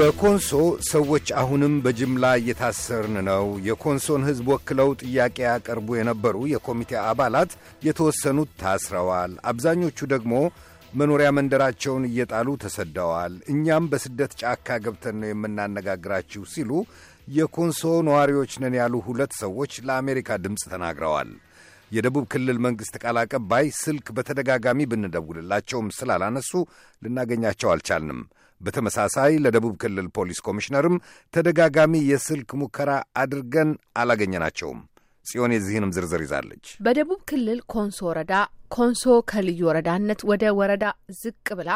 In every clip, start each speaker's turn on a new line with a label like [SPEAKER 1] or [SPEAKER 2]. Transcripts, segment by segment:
[SPEAKER 1] በኮንሶ ሰዎች አሁንም በጅምላ እየታሰርን ነው። የኮንሶን ሕዝብ ወክለው ጥያቄ ያቀርቡ የነበሩ የኮሚቴ አባላት የተወሰኑት ታስረዋል፣ አብዛኞቹ ደግሞ መኖሪያ መንደራቸውን እየጣሉ ተሰደዋል። እኛም በስደት ጫካ ገብተን ነው የምናነጋግራችሁ ሲሉ የኮንሶ ነዋሪዎች ነን ያሉ ሁለት ሰዎች ለአሜሪካ ድምፅ ተናግረዋል። የደቡብ ክልል መንግሥት ቃል አቀባይ ስልክ በተደጋጋሚ ብንደውልላቸውም ስላላነሱ ልናገኛቸው አልቻልንም። በተመሳሳይ ለደቡብ ክልል ፖሊስ ኮሚሽነርም ተደጋጋሚ የስልክ ሙከራ አድርገን አላገኘናቸውም። ጽዮን የዚህንም ዝርዝር ይዛለች።
[SPEAKER 2] በደቡብ ክልል ኮንሶ ወረዳ ኮንሶ ከልዩ ወረዳነት ወደ ወረዳ ዝቅ ብላ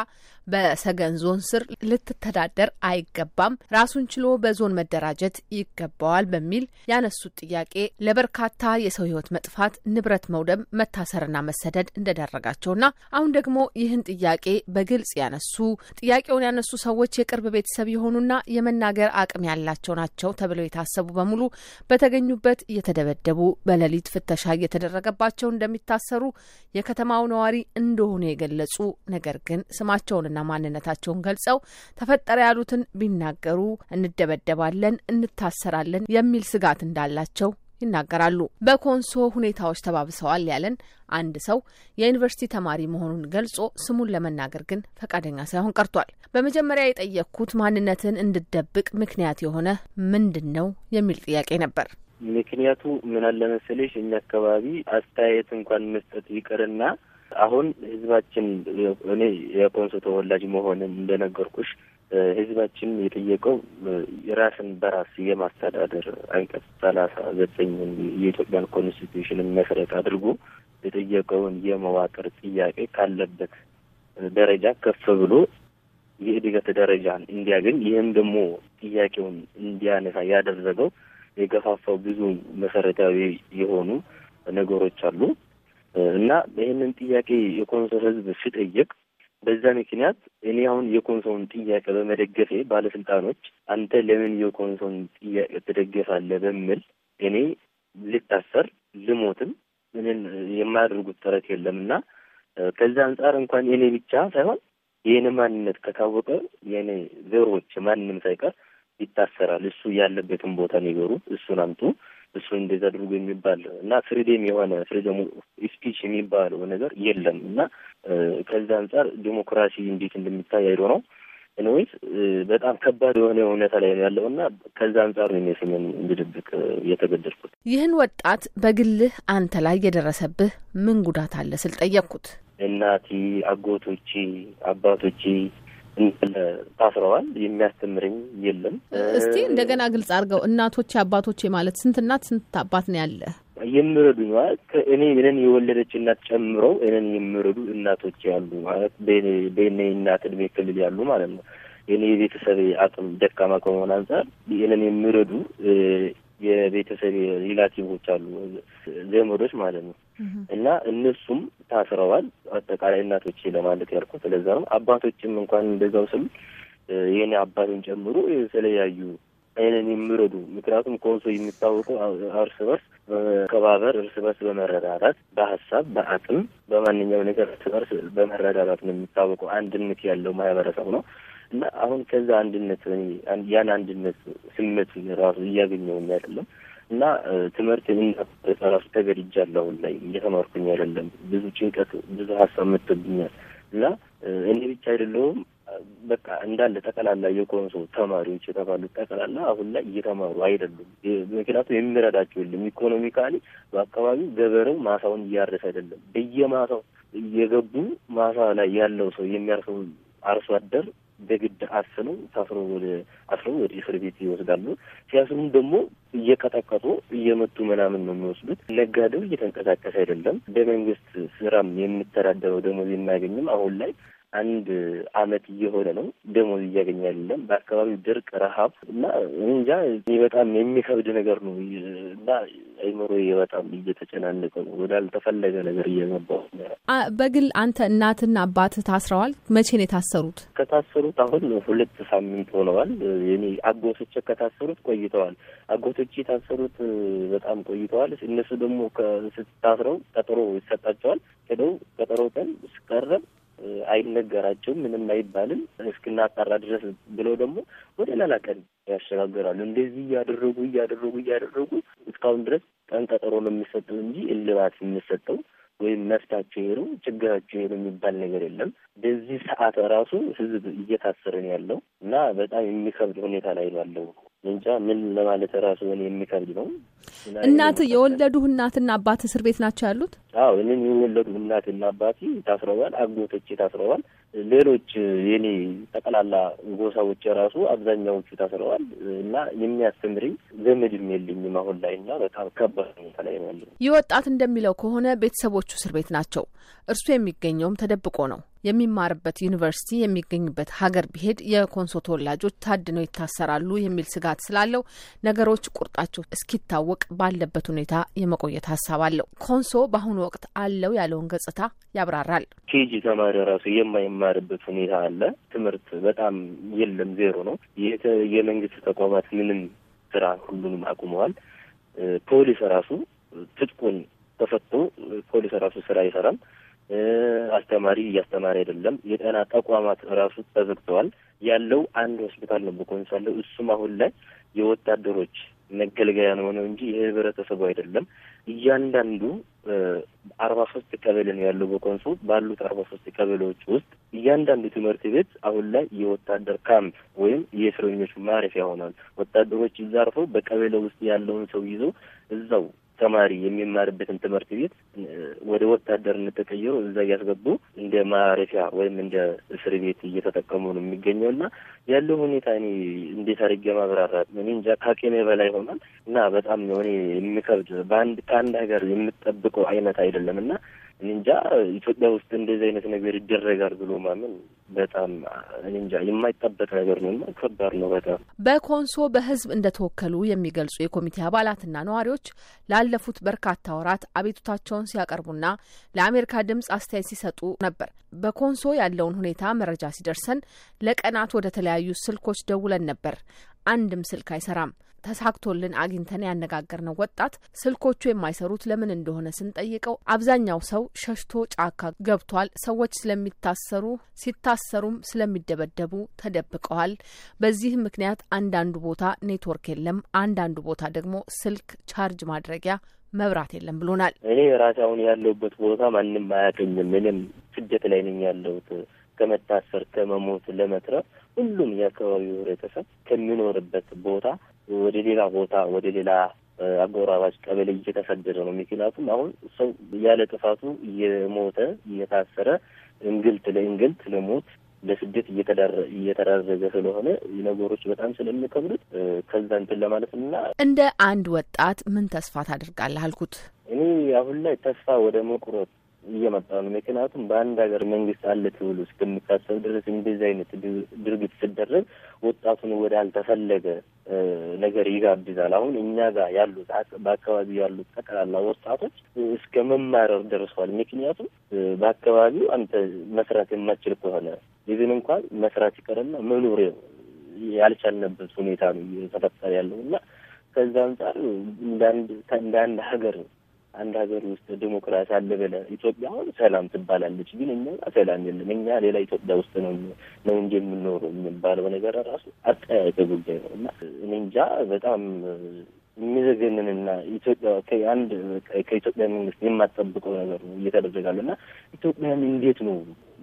[SPEAKER 2] በሰገን ዞን ስር ልትተዳደር አይገባም፣ ራሱን ችሎ በዞን መደራጀት ይገባዋል በሚል ያነሱት ጥያቄ ለበርካታ የሰው ህይወት መጥፋት፣ ንብረት መውደም፣ መታሰርና መሰደድ እንደዳረጋቸውና አሁን ደግሞ ይህን ጥያቄ በግልጽ ያነሱ ጥያቄውን ያነሱ ሰዎች የቅርብ ቤተሰብ የሆኑና የመናገር አቅም ያላቸው ናቸው ተብለው የታሰቡ በሙሉ በተገኙበት እየተደበደቡ በሌሊት ፍተሻ እየተደረገባቸው እንደሚታሰሩ የከተማው ነዋሪ እንደሆኑ የገለጹ ነገር ግን ስማቸውንና ማንነታቸውን ገልጸው ተፈጠረ ያሉትን ቢናገሩ እንደበደባለን፣ እንታሰራለን የሚል ስጋት እንዳላቸው ይናገራሉ። በኮንሶ ሁኔታዎች ተባብሰዋል ያለን አንድ ሰው የዩኒቨርሲቲ ተማሪ መሆኑን ገልጾ ስሙን ለመናገር ግን ፈቃደኛ ሳይሆን ቀርቷል። በመጀመሪያ የጠየቅኩት ማንነትን እንድደብቅ ምክንያት የሆነ ምንድን ነው የሚል
[SPEAKER 1] ጥያቄ ነበር። ምክንያቱ ምን አለ መሰለሽ እኛ አካባቢ አስተያየት እንኳን መስጠት ይቅርና አሁን ህዝባችን እኔ የኮንሶ ተወላጅ መሆንን እንደነገርኩሽ ህዝባችን የጠየቀው ራስን በራስ የማስተዳደር አንቀጽ ሰላሳ ዘጠኝን የኢትዮጵያን ኮንስቲቱሽንን መሰረት አድርጎ የጠየቀውን የመዋቅር ጥያቄ ካለበት ደረጃ ከፍ ብሎ የእድገት ደረጃን እንዲያገኝ ይህም ደግሞ ጥያቄውን እንዲያነሳ ያደረገው የገፋፋው ብዙ መሰረታዊ የሆኑ ነገሮች አሉ እና ይህንን ጥያቄ የኮንሶ ህዝብ ሲጠየቅ በዛ ምክንያት እኔ አሁን የኮንሶውን ጥያቄ በመደገፌ ባለስልጣኖች አንተ ለምን የኮንሶውን ጥያቄ ትደገፋለህ? በሚል እኔ ልታሰር ልሞትም ምንን የማያደርጉት ጥረት የለም እና ከዛ አንጻር እንኳን የኔ ብቻ ሳይሆን የኔ ማንነት ከታወቀ የኔ ዘሮች ማንም ሳይቀር ይታሰራል። እሱ ያለበትን ቦታ ንገሩ፣ እሱን አምጡ፣ እሱ እንደዛ አድርጎ የሚባል እና ፍሪዴም የሆነ ፍሪደም ስፒች የሚባለው ነገር የለም እና ከዛ አንጻር ዲሞክራሲ እንዴት እንደሚታይ አይዶ ነው ኢንዌይስ በጣም ከባድ የሆነ ሁኔታ ላይ ያለው እና ከዛ አንጻር ነው የሚሰኘን እንድድብቅ የተገደድኩት።
[SPEAKER 2] ይህን ወጣት በግልህ አንተ ላይ የደረሰብህ ምን ጉዳት አለ ስል ጠየቅኩት።
[SPEAKER 1] እናቴ፣ አጎቶቼ፣ አባቶቼ ታስረዋል። የሚያስተምርኝ የለም። እስቲ እንደገና
[SPEAKER 2] ግልጽ አድርገው እናቶቼ አባቶቼ ማለት ስንት እናት ስንት አባት ነው ያለ?
[SPEAKER 1] የሚረዱኝ ከእኔ እኔን የወለደች እናት ጨምረው እኔን የሚረዱ እናቶች ያሉ ማለት በእኔ እናት እድሜ ክልል ያሉ ማለት ነው። የኔ የቤተሰብ አቅም ደካማ ከመሆን አንጻር እኔን የምረዱ የቤተሰብ ሪላቲቮች አሉ ዘመዶች ማለት ነው። እና እነሱም ታስረዋል። አጠቃላይ እናቶቼ ለማለት ያልኩት ስለዛ ነው። አባቶችም እንኳን እንደዛው ስም የኔ አባትን ጨምሮ የተለያዩ አይነን የሚረዱ ምክንያቱም ኮንሶ የሚታወቀው እርስ በርስ በመከባበር እርስ በርስ በመረዳዳት በሀሳብ በአቅም በማንኛውም ነገር እርስ በርስ በመረዳዳት ነው የሚታወቀው አንድነት ያለው ማህበረሰብ ነው እና አሁን ከዛ አንድነት ያን አንድነት ስሜት ራሱ እያገኘው አይደለም እና ትምህርት ራሱ ተገድጃለሁ። ላይ እየተማርኩኝ አይደለም። ብዙ ጭንቀት፣ ብዙ ሀሳብ መጥቶብኛል እና እኔ ብቻ አይደለሁም በቃ እንዳለ ጠቀላላ የኮንሶ ተማሪዎች የተባሉት ጠቀላላ አሁን ላይ እየተማሩ አይደሉም። ምክንያቱም የሚረዳቸው የለም። ኢኮኖሚካሊ በአካባቢው ገበሬው ማሳውን እያረስ አይደለም። በየማሳው የገቡ ማሳ ላይ ያለው ሰው የሚያርሰው አርሶ አደር በግድ አስነው ታስሮ ወደ አስሮ ወደ እስር ቤት ይወስዳሉ። ሲያስኑ ደግሞ እየቀጠቀጡ እየመቱ ምናምን ነው የሚወስዱት። ነጋዴው እየተንቀሳቀሰ አይደለም። በመንግስት ስራም የሚተዳደረው ደግሞ የሚያገኝም አሁን ላይ አንድ አመት እየሆነ ነው። ደሞዝ እያገኘ አይደለም። በአካባቢው ድርቅ፣ ረሀብ እና እንጃ በጣም የሚከብድ ነገር ነው እና አይምሮ በጣም እየተጨናነቀ ነው። ወዳልተፈለገ ነገር እየገባሁ
[SPEAKER 2] በግል አንተ እናትና አባት ታስረዋል። መቼ ነው የታሰሩት?
[SPEAKER 1] ከታሰሩት አሁን ሁለት ሳምንት ሆነዋል። የኔ አጎቶች ከታሰሩት ቆይተዋል። አጎቶች የታሰሩት በጣም ቆይተዋል። እነሱ ደግሞ ከስታስረው ቀጠሮ ይሰጣቸዋል። ሄደው ቀጠሮ ቀን ስቀረብ አይነገራቸውም፣ ምንም አይባልም እስክናጣራ ድረስ ብለው ደግሞ ወደ ሌላ ቀን ያሸጋግራሉ። እንደዚህ እያደረጉ እያደረጉ እያደረጉ እስካሁን ድረስ ቀን ቀጠሮ ነው የሚሰጠው እንጂ እልባት የሚሰጠው ወይም መፍታቸው ይሄ ነው ችግራቸው ይሄ ነው የሚባል ነገር የለም። በዚህ ሰዓት ራሱ ህዝብ እየታሰረን ያለው እና በጣም የሚከብድ ሁኔታ ላይ ነው ያለው እንጃ ምን ለማለት ራሱ እኔ የሚከብድ ነው። እናት
[SPEAKER 2] የወለዱህ እናትና አባት እስር ቤት ናቸው ያሉት?
[SPEAKER 1] አዎ እኔም የወለዱ እናትና አባቴ ታስረዋል። አጎቶቼ ታስረዋል። ሌሎች የኔ ጠቅላላ ጎሳዎች ራሱ አብዛኛዎቹ ታስረዋል እና የሚያስተምርኝ ዘመድም የለኝም አሁን ላይ እና በጣም ከባድ ሁኔታ ላይ ነው ያለ።
[SPEAKER 2] ይህ ወጣት እንደሚለው ከሆነ ቤተሰቦቹ እስር ቤት ናቸው። እርሱ የሚገኘውም ተደብቆ ነው። የሚማርበት ዩኒቨርሲቲ የሚገኝበት ሀገር ቢሄድ የኮንሶ ተወላጆች ታድነው ይታሰራሉ የሚል ስጋት ስላለው ነገሮች ቁርጣቸው እስኪታወቅ ባለበት ሁኔታ የመቆየት ሀሳብ አለው። ኮንሶ በአሁኑ ወቅት አለው ያለውን ገጽታ ያብራራል።
[SPEAKER 1] ኬጂ ተማሪ ራሱ የማይማርበት ሁኔታ አለ። ትምህርት በጣም የለም፣ ዜሮ ነው። የመንግስት ተቋማት ምንም ስራ ሁሉንም አቁመዋል። ፖሊስ ራሱ ትጥቁን ተፈቶ ፖሊስ ራሱ ስራ አይሰራም። አስተማሪ እያስተማሪ አይደለም። የጤና ተቋማት ራሱ ተዘግተዋል። ያለው አንድ ሆስፒታል ነው በኮንሶ ያለው። እሱም አሁን ላይ የወታደሮች መገልገያ ነው ነው እንጂ የህብረተሰቡ አይደለም። እያንዳንዱ አርባ ሶስት ቀበሌ ነው ያለው በኮንሶ ባሉት አርባ ሶስት ቀበሌዎች ውስጥ እያንዳንዱ ትምህርት ቤት አሁን ላይ የወታደር ካምፕ ወይም የእስረኞች ማረፊያ ሆኗል። ወታደሮች ይዛርፈው በቀበሌ ውስጥ ያለውን ሰው ይዞ እዛው ተማሪ የሚማርበትን ትምህርት ቤት ወደ ወታደርነት ተቀይሮ እዛ እያስገቡ እንደ ማረፊያ ወይም እንደ እስር ቤት እየተጠቀሙ ነው የሚገኘው እና ያለው ሁኔታ እኔ እንዴት አድርጌ ማብራራት እኔ እንጃ ከአቅሜ በላይ ሆኗል እና በጣም የሆነ የሚከብድ በአንድ ከአንድ ሀገር የምጠብቀው አይነት አይደለም እና እንጃ ኢትዮጵያ ውስጥ እንደዚህ አይነት ነገር ይደረጋል ብሎ ማመን በጣም እንጃ የማይጠበቅ ነገር ነው እና ከባድ ነው በጣም።
[SPEAKER 2] በኮንሶ በህዝብ እንደተወከሉ የሚገልጹ የኮሚቴ አባላትና ነዋሪዎች ላለፉት በርካታ ወራት አቤቱታቸውን ሲያቀርቡና ለአሜሪካ ድምጽ አስተያየት ሲሰጡ ነበር። በኮንሶ ያለውን ሁኔታ መረጃ ሲደርሰን ለቀናት ወደ ተለያዩ ስልኮች ደውለን ነበር። አንድም ስልክ አይሰራም። ተሳክቶልን አግኝተን ያነጋገርነው ወጣት ስልኮቹ የማይሰሩት ለምን እንደሆነ ስንጠይቀው አብዛኛው ሰው ሸሽቶ ጫካ ገብቷል፣ ሰዎች ስለሚታሰሩ ሲታ ስለታሰሩም ስለሚደበደቡ ተደብቀዋል። በዚህ ምክንያት አንዳንዱ ቦታ ኔትወርክ የለም፣ አንዳንዱ ቦታ ደግሞ ስልክ ቻርጅ ማድረጊያ መብራት የለም ብሎናል። እኔ
[SPEAKER 1] ራሴ አሁን ያለሁበት ቦታ ማንም አያገኝም። ምንም ስደት ላይ ነኝ ያለሁት ከመታሰር ከመሞት ለመትረፍ ሁሉም የአካባቢው ህብረተሰብ ከሚኖርበት ቦታ ወደ ሌላ ቦታ ወደ ሌላ አጎራባች ቀበሌ እየተሰደደ ነው። ምክንያቱም አሁን ሰው ያለ ጥፋቱ እየሞተ እየታሰረ እንግልት ለእንግልት ለሞት ለስደት እየተዳረገ ስለሆነ ነገሮች በጣም ስለሚከብዱት ከዛ እንትን ለማለት እና
[SPEAKER 2] እንደ አንድ ወጣት ምን ተስፋ ታደርጋለህ አልኩት።
[SPEAKER 1] እኔ አሁን ላይ ተስፋ ወደ መቁረጥ እየመጣ ነው። ምክንያቱም በአንድ ሀገር መንግስት አለ ተብሎ እስከሚታሰብ ድረስ እንደዚህ አይነት ድርጊት ስደረግ ወጣቱን ወደ አልተፈለገ ነገር ይጋብዛል። አሁን እኛ ጋር ያሉት በአካባቢ ያሉት ጠቅላላ ወጣቶች እስከ መማረር ደርሰዋል። ምክንያቱም በአካባቢው አንተ መስራት የማችል ከሆነ ይህን እንኳን መስራት ይቀርና መኖር ያልቻልንበት ሁኔታ ነው እየተፈጠረ ያለው እና ከዛ አንጻር እንደ አንድ ሀገር አንድ ሀገር ውስጥ ዲሞክራሲ አለ ብለህ ኢትዮጵያ አሁን ሰላም ትባላለች፣ ግን እኛ ሰላም የለም። እኛ ሌላ ኢትዮጵያ ውስጥ ነው ነው እንጂ የምንኖረው የሚባለው ነገር ራሱ አጠያያቂ ጉዳይ ነው እና እኔ እንጃ በጣም የሚዘገንንና ኢትዮጵያ ከአንድ ከኢትዮጵያ መንግስት የማጠብቀው ነገር ነው እየተደረጋለ እና ኢትዮጵያን እንዴት ነው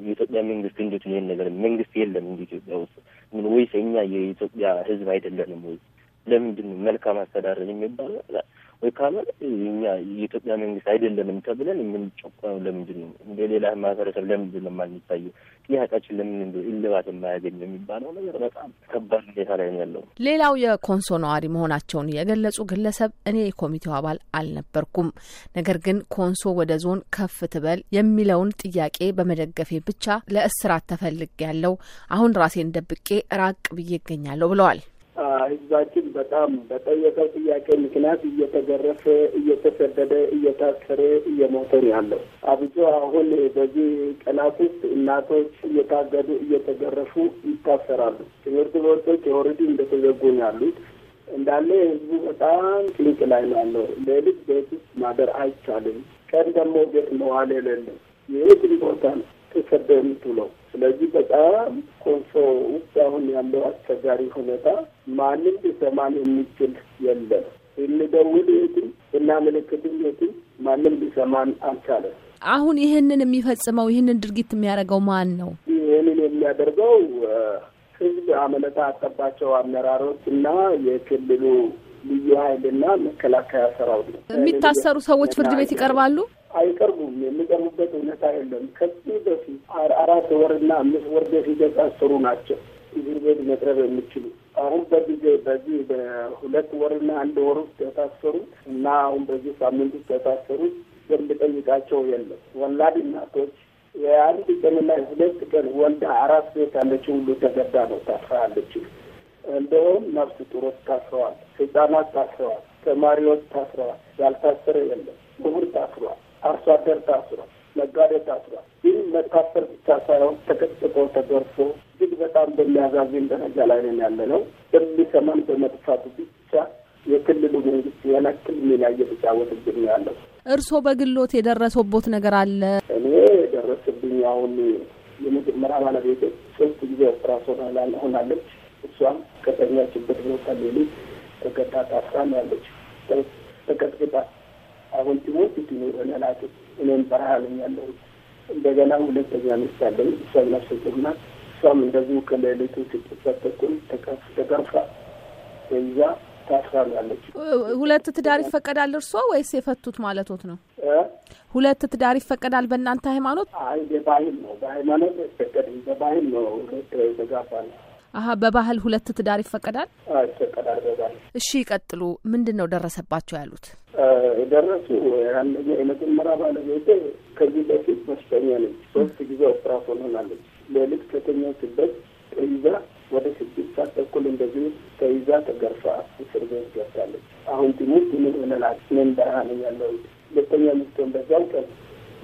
[SPEAKER 1] የኢትዮጵያ መንግስት እንዴት ነው ይህን ነገር መንግስት የለም እንዲ ኢትዮጵያ ውስጥ ምን ወይስ እኛ የኢትዮጵያ ህዝብ አይደለንም ወይ? ለምንድን ነው መልካም አስተዳደር የሚባለው ካናዳ እኛ የኢትዮጵያ መንግስት አይደለንም ተብለን የምንጨቆነው ለምንድን ነው? እንደ ሌላ ማህበረሰብ ለምንድን ነው የማንታየው? ጥያቄያችን ለምን እንደው እልባት የማያገኝ የሚባለው ነገር በጣም ከባድ ሁኔታ ላይ ነው ያለው።
[SPEAKER 2] ሌላው የኮንሶ ነዋሪ መሆናቸውን የገለጹ ግለሰብ እኔ የኮሚቴው አባል አልነበርኩም፣ ነገር ግን ኮንሶ ወደ ዞን ከፍ ትበል የሚለውን ጥያቄ በመደገፌ ብቻ ለእስራት ተፈልግ ያለው አሁን ራሴን ደብቄ ራቅ ብዬ ይገኛለሁ ብለዋል።
[SPEAKER 3] ህዝባችን በጣም በጠየቀው ጥያቄ ምክንያት እየተገረፈ፣ እየተሰደደ፣ እየታሰረ፣ እየሞተ ያለው። አብዞ አሁን በዚህ ቀናት ውስጥ እናቶች እየታገዱ፣ እየተገረፉ ይታሰራሉ። ትምህርት ቤቶች የወረዱ እንደተዘጉ ነው ያሉት። እንዳለ ህዝቡ በጣም ጭንቅ ላይ ነው ያለው። ሌሊት ቤት ውስጥ ማደር አይቻልም። ቀን ደግሞ ቤት መዋል የሌለም። ይህ ቦታ ነው። ተሰደው የምትውለው። ስለዚህ በጣም ኮንሶ ውስጥ አሁን ያለው አስቸጋሪ ሁኔታ ማንም ሊሰማን የሚችል የለም። ስንደውል የትም ስናመለክትም የትም ማንም ሊሰማን አልቻለም።
[SPEAKER 2] አሁን ይህንን የሚፈጽመው ይህንን ድርጊት የሚያደርገው ማን ነው?
[SPEAKER 3] ይህንን የሚያደርገው ህዝብ አመለታ አጠባቸው አመራሮች እና የክልሉ ልዩ ኃይልና መከላከያ ሰራዊት ነው። የሚታሰሩ ሰዎች ፍርድ ቤት ይቀርባሉ አይቀርቡም? ያለበት እውነት አይደለም። ከዚህ በፊት አራት ወርና አምስት ወር በፊት የታሰሩ ናቸው እዚህ ቤት መቅረብ የሚችሉ አሁን በጊዜ በዚህ በሁለት ወርና አንድ ወር ውስጥ የታሰሩ እና አሁን በዚህ ሳምንት ውስጥ የታሰሩት የምጠይቃቸው የለም። ወላድ እናቶች የአንድ ቀንና ሁለት ቀን ወልዳ አራት ቤት ያለች ሁሉ ተገዳ ነው ታስራለች። እንደውም ነፍስ ጡሮች ታስረዋል፣ ህጻናት ታስረዋል፣ ተማሪዎች ታስረዋል፣ ያልታሰረ የለም፣ ምሁር ታስሯል፣ አርሶ አደር ታስሯል። ነጋዴ ታስሯል። ይህ መታሰር ብቻ ሳይሆን ተቀጥቆ ተገርፎ እጅግ በጣም በሚያዛዝን ደረጃ ላይ ነን ያለ ነው። በሚሰማን በመጥፋቱ ብቻ የክልሉ መንግስት የነክል ሚና እየተጫወትብን ነው ያለው።
[SPEAKER 2] እርስዎ በግሎት የደረሰቦት ነገር አለ? እኔ
[SPEAKER 3] የደረሰብኝ አሁን የመጀመሪያ ባለቤት ሶስት ጊዜ ኦፕራሶን ሆናለች። እሷም ከተኛችበት ቦታ ሌሊት ተገዳ ታስራ ነው ያለች። ተቀጥቅጣ አሁን ቲሞት ሆነ ናቸው እኔም በረሃ ነኝ ያለው። እንደገና ሁለተኛ ሚስት አለኝ። እሷም ነፍሰጡና እሷም እንደዚሁ ከሌሊቱ ስድስት ተኩል ተቀርፋ እዛ ታስራ ያለች።
[SPEAKER 2] ሁለት ትዳር ይፈቀዳል እርሶ ወይስ የፈቱት ማለቶት ነው? ሁለት ትዳር ይፈቀዳል በእናንተ ሃይማኖት?
[SPEAKER 3] አይ በባህል ነው። በሃይማኖት አይፈቀድም። በባህል ነው። ሁለት ተጋባ ነው
[SPEAKER 2] አሀ በባህል ሁለት ትዳር ይፈቀዳል
[SPEAKER 3] ይፈቀዳል በባህል
[SPEAKER 2] እሺ ይቀጥሉ ምንድን ነው ደረሰባቸው ያሉት
[SPEAKER 3] ደረሱ አንደኛ የመጀመሪያ ባለቤቴ ከዚህ በፊት በሽተኛ ነች ሶስት ጊዜ ኦፕራሲዮን ሆናለች ሌሊት ከተኛችበት ተይዛ ወደ ስድስት ሰዓት ተኩል እንደዚህ ተይዛ ተገርፋ እስር ቤት ገብታለች አሁን ትንሽ ምን ሆነናል ምን በረሃ ነው ያለው ሁለተኛ ሚስቶን በዚያው ቀን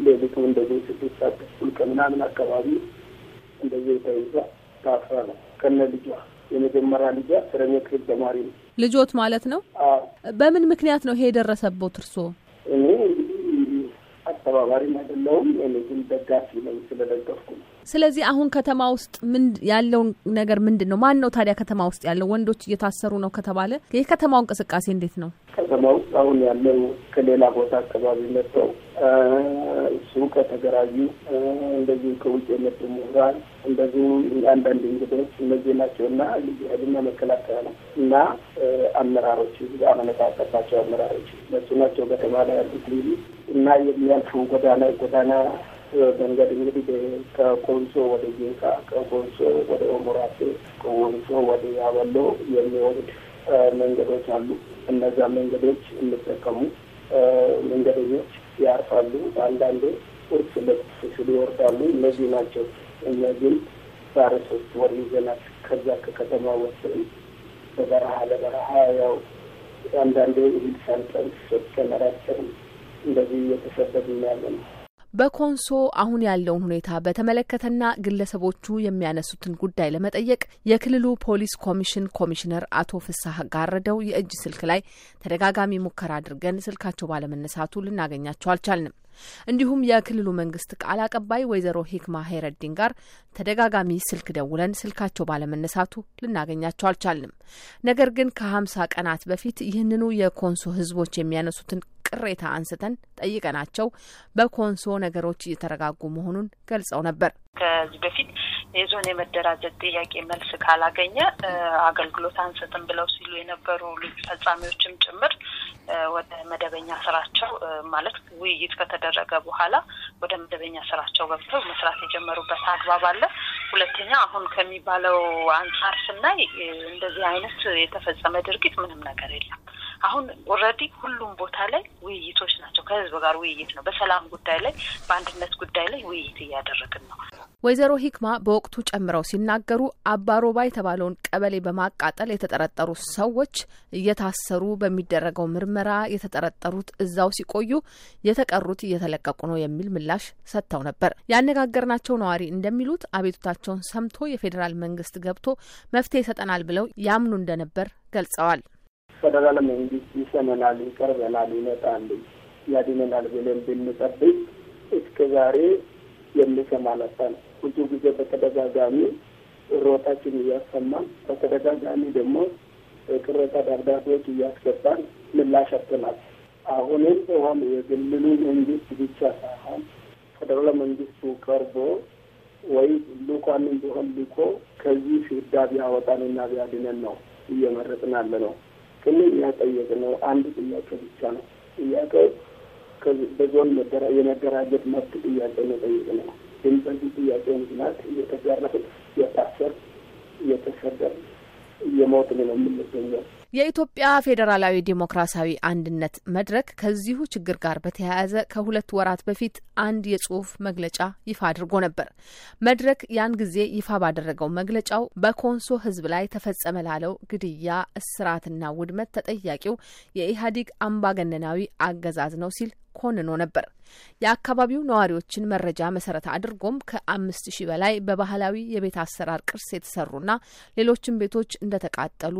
[SPEAKER 3] ሌሊቱ እንደዚህ ስድስት ሰዓት ተኩል ከምናምን አካባቢ እንደዚህ ተይዛ ታፍራ ነው ከነ ልጇ የመጀመሪያ ልጇ አስረኛ ክፍል ተማሪ ነው።
[SPEAKER 2] ልጆት ማለት ነው። በምን ምክንያት ነው ይሄ የደረሰበት እርስዎ?
[SPEAKER 3] እኔ እንግዲህ አስተባባሪም አይደለሁም፣ እኔ ግን ደጋፊ ነው፣ ስለደገፍኩ ነው።
[SPEAKER 2] ስለዚህ አሁን ከተማ ውስጥ ምን ያለው ነገር ምንድን ነው? ማን ነው ታዲያ ከተማ ውስጥ ያለው? ወንዶች እየታሰሩ ነው ከተባለ የከተማው እንቅስቃሴ እንዴት ነው?
[SPEAKER 3] ከተማ ውስጥ አሁን ያለው ከሌላ ቦታ አካባቢ መጥተው እሱ ከተገራዩ እንደዚሁ ከውጭ የመጡ ምሁራን እንደዚሁ አንዳንድ እንግዶች እነዚህ ናቸው እና ሀድና መከላከያ ነው እና አመራሮች አመለካከታቸው አመራሮች እነሱ ናቸው በተባለ ያሉት ልዩ እና የሚያልፉ ጎዳና ጎዳና መንገድ እንግዲህ ከኮንሶ ወደ ጌካ፣ ከኮንሶ ወደ ኦሞራሴ፣ ከኮንሶ ወደ ያበሎ የሚወርድ መንገዶች አሉ። እነዛ መንገዶች የሚጠቀሙ መንገደኞች ያርፋሉ። አንዳንዴ ቁርስ ለቁርስ ሲሉ ይወርዳሉ። እነዚህ ናቸው። እነዚህም ግን ዛሬ ሶስት ወር ይዘናል። ከዛ ከከተማ ወስን በበረሃ ለበረሃ ያው አንዳንዴ ሂድ ሳንጠን ሶስት ከመራት እንደዚህ እየተሰደድን ያለ ነው።
[SPEAKER 2] በኮንሶ አሁን ያለውን ሁኔታ በተመለከተና ግለሰቦቹ የሚያነሱትን ጉዳይ ለመጠየቅ የክልሉ ፖሊስ ኮሚሽን ኮሚሽነር አቶ ፍሳህ ጋረደው የእጅ ስልክ ላይ ተደጋጋሚ ሙከራ አድርገን ስልካቸው ባለመነሳቱ ልናገኛቸው አልቻልንም። እንዲሁም የክልሉ መንግስት ቃል አቀባይ ወይዘሮ ሂክማ ሄረዲን ጋር ተደጋጋሚ ስልክ ደውለን ስልካቸው ባለመነሳቱ ልናገኛቸው አልቻልንም። ነገር ግን ከሀምሳ ቀናት በፊት ይህንኑ የኮንሶ ህዝቦች የሚያነሱትን ቅሬታ አንስተን ጠይቀናቸው በኮንሶ ነገሮች እየተረጋጉ መሆኑን ገልጸው ነበር።
[SPEAKER 1] ከዚህ በፊት የዞን የመደራጀት ጥያቄ መልስ
[SPEAKER 2] ካላገኘ አገልግሎት አንሰጥም ብለው ሲሉ የነበሩ ልጅ ፈጻሚዎችም ጭምር ወደ መደበኛ ስራቸው ማለት ውይይት ከተደረገ በኋላ ወደ መደበኛ ስራቸው ገብተው መስራት የጀመሩበት አግባብ አለ። ሁለተኛ አሁን ከሚባለው አንጻር ስናይ እንደዚህ አይነት የተፈጸመ ድርጊት ምንም ነገር የለም። አሁን ኦልሬዲ ሁሉም ቦታ ላይ ውይይቶች ናቸው። ከህዝብ ጋር ውይይት ነው። በሰላም ጉዳይ ላይ፣ በአንድነት ጉዳይ
[SPEAKER 3] ላይ ውይይት እያደረግን ነው።
[SPEAKER 2] ወይዘሮ ሂክማ በወቅቱ ጨምረው ሲናገሩ አባሮባ የተባለውን ቀበሌ በማቃጠል የተጠረጠሩ ሰዎች እየታሰሩ በሚደረገው ምርመራ የተጠረጠሩት እዛው ሲቆዩ የተቀሩት እየተለቀቁ ነው የሚል ምላሽ ሰጥተው ነበር። ያነጋገርናቸው ነዋሪ እንደሚሉት አቤቱታቸውን ሰምቶ የፌዴራል መንግስት ገብቶ መፍትሄ ይሰጠናል ብለው ያምኑ እንደነበር ገልጸዋል።
[SPEAKER 3] ፌዴራል መንግስት ይሰመናል፣ ይቀርበናል፣ ይመጣል፣ ያድነናል ብለን ብንጠብቅ እስከ ዛሬ የሚሰማ ነው ብዙ ጊዜ በተደጋጋሚ ሮታችን እያሰማን በተደጋጋሚ ደግሞ ቅሬታ ደብዳቤዎች እያስገባን ምላሽ አጥተናል። አሁንም ውሃም የክልሉ መንግስት ብቻ ሳይሆን ፌደራል መንግስቱ ቀርቦ ወይ ልኳንም ቢሆን ልኮ ከዚህ ፍዳ ቢያወጣንና ቢያድነን ነው እየመረጥን ያለ ነው። ግን እያጠየቅነው አንድ ጥያቄ ብቻ ነው። ጥያቄው በዞን የመደራጀት መብት ጥያቄ ነው ጠይቅነው የሚጠይቅ ጥያቄ ምክንያት እየተጋረፍን የታሰር እየተሰደር እየሞትን ነው የምንገኘው።
[SPEAKER 2] የኢትዮጵያ ፌዴራላዊ ዴሞክራሲያዊ አንድነት መድረክ ከዚሁ ችግር ጋር በተያያዘ ከሁለት ወራት በፊት አንድ የጽሁፍ መግለጫ ይፋ አድርጎ ነበር። መድረክ ያን ጊዜ ይፋ ባደረገው መግለጫው በኮንሶ ሕዝብ ላይ ተፈጸመ ላለው ግድያ፣ እስራትና ውድመት ተጠያቂው የኢህአዴግ አምባገነናዊ አገዛዝ ነው ሲል ኮንኖ ነበር። የአካባቢው ነዋሪዎችን መረጃ መሰረት አድርጎም ከአምስት ሺህ በላይ በባህላዊ የቤት አሰራር ቅርስ የተሰሩና ሌሎችም ቤቶች እንደተቃጠሉ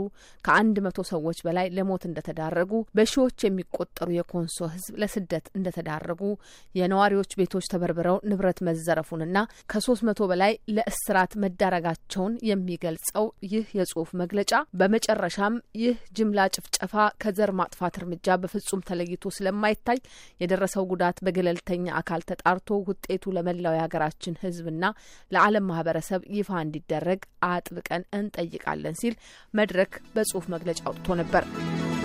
[SPEAKER 2] ከአንድ መቶ ሰዎች በላይ ለሞት እንደተዳረጉ በሺዎች የሚቆጠሩ የኮንሶ ህዝብ ለስደት እንደተዳረጉ የነዋሪዎች ቤቶች ተበርብረው ንብረት መዘረፉንና ከሶስት መቶ በላይ ለእስራት መዳረጋቸውን የሚገልጸው ይህ የጽሁፍ መግለጫ በመጨረሻም ይህ ጅምላ ጭፍጨፋ ከዘር ማጥፋት እርምጃ በፍጹም ተለይቶ ስለማይታይ የደረሰው ጉዳት በ በገለልተኛ አካል ተጣርቶ ውጤቱ ለመላው የሀገራችን ሕዝብና ለዓለም ማህበረሰብ ይፋ እንዲደረግ አጥብቀን እንጠይቃለን ሲል መድረክ በጽሁፍ መግለጫ አውጥቶ ነበር።